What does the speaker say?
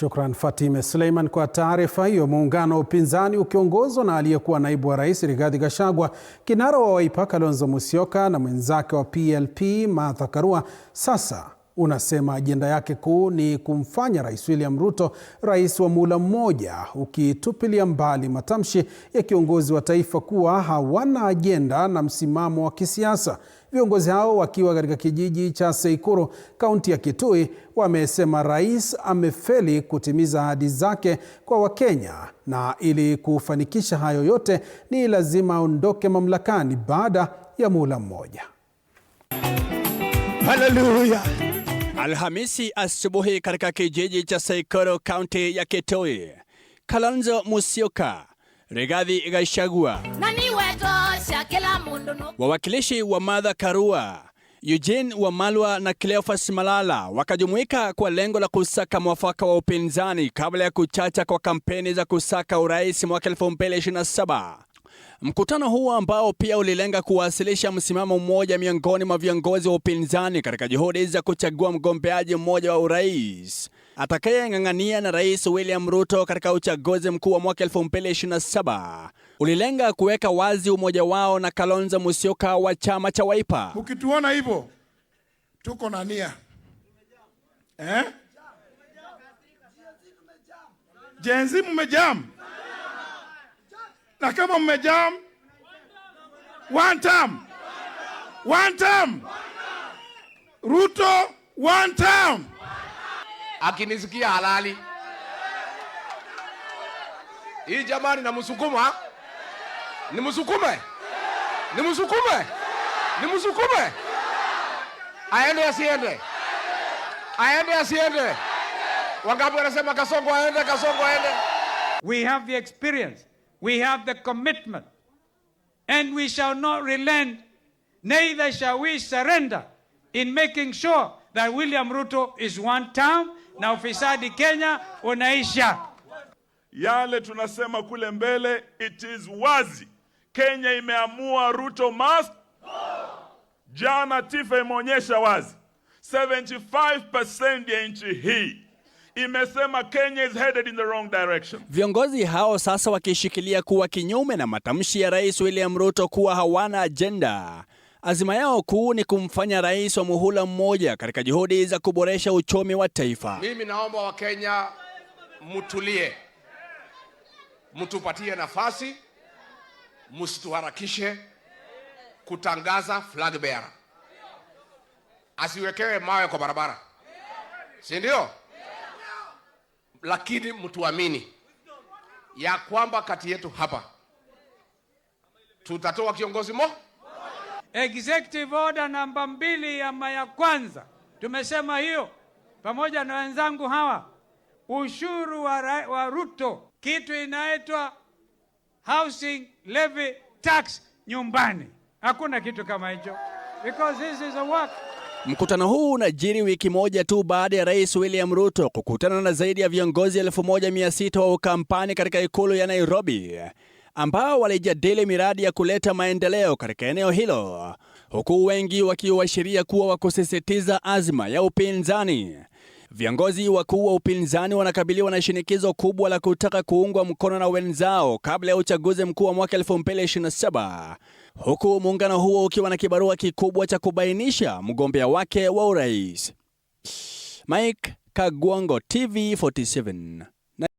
Shukran Fatime Suleiman kwa taarifa hiyo. Muungano wa upinzani ukiongozwa na aliyekuwa naibu wa rais Rigathi Gachagua, kinara wa Wiper Kalonzo Musyoka na mwenzake wa PLP Martha Karua sasa unasema ajenda yake kuu ni kumfanya Rais William Ruto rais wa muhula mmoja, ukitupilia mbali matamshi ya kiongozi wa taifa kuwa hawana ajenda na msimamo wa kisiasa. Viongozi hao wakiwa katika kijiji cha Seikuru, kaunti ya Kitui, wamesema rais amefeli kutimiza ahadi zake kwa Wakenya, na ili kufanikisha hayo yote ni lazima aondoke mamlakani baada ya muhula mmoja. Haleluya! Alhamisi asubuhi katika kijiji cha Saikoro, kaunti ya Kitui, Kalonzo Musyoka, Rigathi Gachagua, wawakilishi wa Martha Karua, Eugene Wamalwa na Cleophas Malala wakajumuika kwa lengo la kusaka mwafaka wa upinzani kabla ya kuchacha kwa kampeni za kusaka urais mwaka 2027. Mkutano huo ambao pia ulilenga kuwasilisha msimamo mmoja miongoni mwa viongozi wa upinzani katika juhudi za kuchagua mgombeaji mmoja wa urais atakayeng'ang'ania na Rais William Ruto katika uchaguzi mkuu wa mwaka 2027 ulilenga kuweka wazi umoja wao na Kalonzo Musyoka wa chama cha waipa Mkituona hivyo, tuko na nia eh? Jenzi, mmejam na kama mmejam one term, one term. Ruto one term. Akinisikia halali hii jamani, na msukuma ni msukume ni msukume ni msukume, aende asiende, aende asiende. Wangapi wanasema Kasongo aende, Kasongo aende? We have the experience we have the commitment and we shall not relent, neither shall we surrender in making sure that William Ruto is one term na ufisadi Kenya unaisha. Yale tunasema kule mbele, it is wazi Kenya imeamua Ruto must. Jana tifa imeonyesha wazi 75% ya nchi hii imesema Kenya is headed in the wrong direction. Viongozi hao sasa wakishikilia kuwa kinyume na matamshi ya Rais William Ruto kuwa hawana ajenda. Azima yao kuu ni kumfanya rais wa muhula mmoja katika juhudi za kuboresha uchumi wa taifa. Mimi naomba Wakenya mutulie mtupatie nafasi, msituharakishe kutangaza flag bearer asiwekewe mawe kwa barabara, si ndio? lakini mtuamini ya kwamba kati yetu hapa tutatoa kiongozi mo. Executive order namba mbili ya ya kwanza tumesema hiyo, pamoja na wenzangu hawa. Ushuru wa, wa Ruto kitu inaitwa housing levy tax nyumbani, hakuna kitu kama hicho because this is a work Mkutano huu unajiri wiki moja tu baada ya Rais William Ruto kukutana na zaidi ya viongozi 1600 wa Ukampani katika ikulu ya Nairobi ambao walijadili miradi ya kuleta maendeleo katika eneo hilo, huku wengi wakiuashiria kuwa wa kusisitiza azma ya upinzani. Viongozi wakuu wa upinzani wanakabiliwa na shinikizo kubwa la kutaka kuungwa mkono na wenzao kabla ya uchaguzi mkuu wa mwaka 2027 huku muungano huo ukiwa na kibarua kikubwa cha kubainisha mgombea wake wa urais. Mike Kagwango, TV 47.